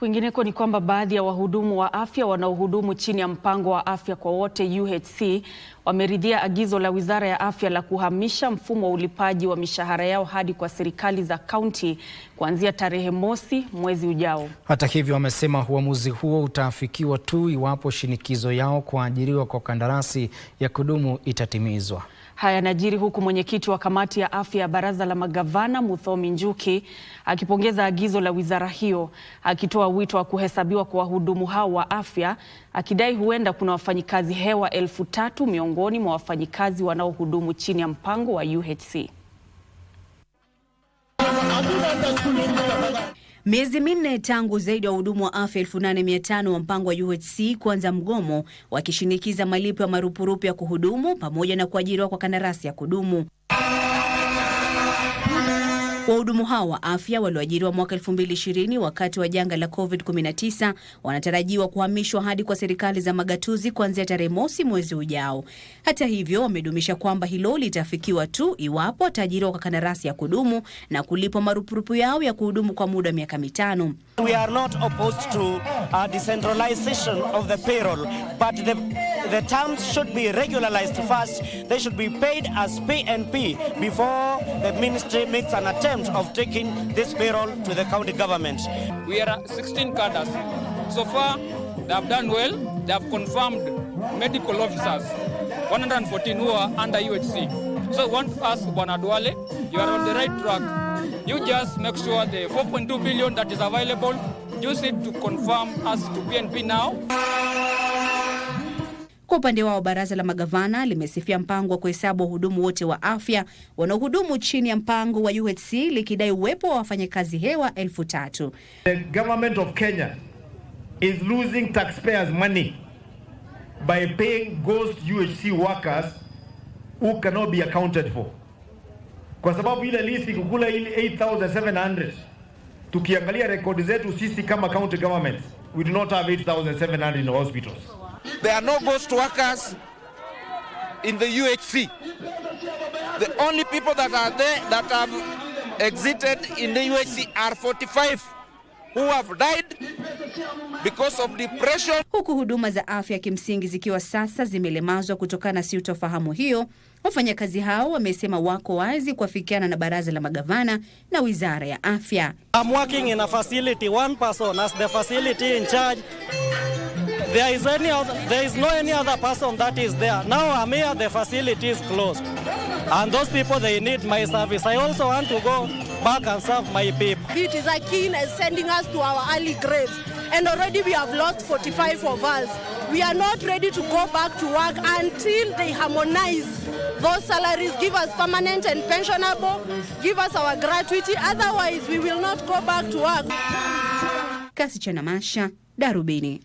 Kwingineko ni kwamba baadhi ya wahudumu wa afya wanaohudumu chini ya mpango wa afya kwa wote UHC wameridhia agizo la Wizara ya Afya la kuhamisha mfumo wa ulipaji wa mishahara yao hadi kwa serikali za kaunti kuanzia tarehe mosi mwezi ujao. Hata hivyo, wamesema uamuzi huo utaafikiwa tu iwapo shinikizo yao kuajiriwa kwa kandarasi ya kudumu itatimizwa. Haya yanajiri huku mwenyekiti wa kamati ya afya ya baraza la magavana Muthomi Njuki akipongeza agizo la wizara hiyo, akitoa wito wa kuhesabiwa kwa wahudumu hao wa afya, akidai huenda kuna wafanyikazi hewa elfu tatu miongoni mwa wafanyikazi wanaohudumu chini ya mpango wa UHC. Miezi minne tangu zaidi ya wahudumu wa afya 8500 wa mpango wa UHC kuanza mgomo wakishinikiza malipo ya marupurupu ya kuhudumu pamoja na kuajiriwa kwa kandarasi ya kudumu. Wahudumu hao wa afya walioajiriwa mwaka 2020 wakati wa janga la COVID-19 wanatarajiwa kuhamishwa hadi kwa serikali za magatuzi kuanzia tarehe mosi mwezi ujao. Hata hivyo, wamedumisha kwamba hilo litafikiwa tu iwapo wataajiriwa kwa kandarasi ya kudumu na kulipwa marupurupu yao ya kuhudumu kwa muda wa miaka mitano. We are not opposed to a uh, decentralization of the payroll, but the the terms should be regularized first. They should be paid as PNP before the ministry makes an attempt of taking this payroll to the county government. We are 16 cadres. So far, they have done well. They have confirmed medical officers, 114 who are under UHC. So I want to ask Bonaduale, you are on the right track. You just make sure the 4.2 billion that is available, use it to confirm us to PNP now. Kwa upande wao, baraza la magavana limesifia mpango wa kuhesabu wahudumu wote wa afya wanaohudumu chini ya mpango wa UHC likidai uwepo wa wafanyakazi hewa elfu tatu. The government of Kenya is losing taxpayers money by paying ghost UHC workers who cannot be accounted for, kwa sababu ile list kukula ile 8700 tukiangalia rekodi zetu sisi kama county governments, we do not have 8700 in hospitals There are no ghost workers in the UHC. The only people that are there that have exited in the UHC are 45 who have died because of depression. Huku huduma za afya kimsingi zikiwa sasa zimelemazwa kutokana na sintofahamu hiyo, wafanyakazi hao wamesema wako wazi kuafikiana na baraza la magavana na wizara ya afya. I'm working in a facility, one person as the facility in charge. There is, any other, there is no any other person that is there. Now I'm here, the facility is closed. And those people, they need my service. I also want to go back and serve my people. It is Akin as sending us to our early graves. And already we have lost 45 of us. We are not ready to go back to work until they harmonize those salaries, give us permanent and pensionable, give us our gratuity. Otherwise, we will not go back to work. Kasichana Masha, Darubini.